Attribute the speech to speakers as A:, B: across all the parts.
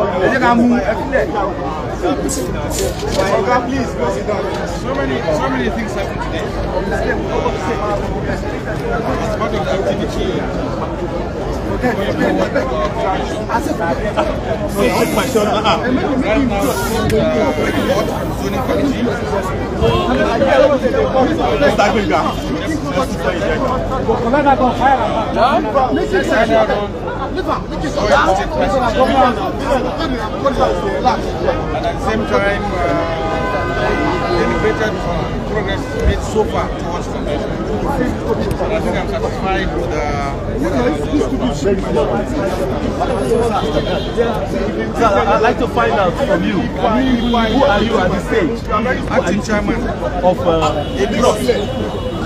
A: please go sit so many so many things happen today. as part of the activity. okay, okay, okay. Mr. Gbega at the same time, progress made so far towards I think I'm satisfied with the I'd like to find out from you, who are you at this stage? Acting chairman of uh,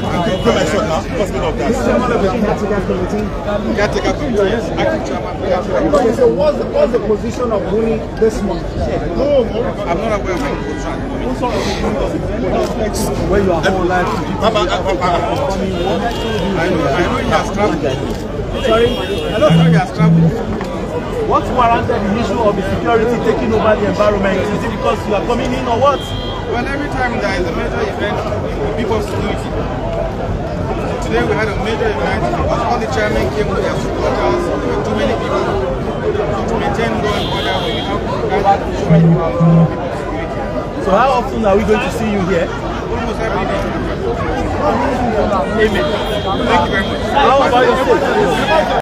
A: Okay, play my shot now. What's the of that? what's the, position of Rooney this month? No, I'm not aware of my position. Where your whole life. I know, I know he has traveled. Sorry, I know he has traveled. What warranted the issue of the security taking over the environment? Is it because you are coming in or what? Well, every time there is a major event, middle of the night, all the chairmen came with their supporters, there were too many people. To maintain law and order, we have gathered so many people people's So how often are we going to see you here? Almost every day. Amen. Thank you very much. How about yourself?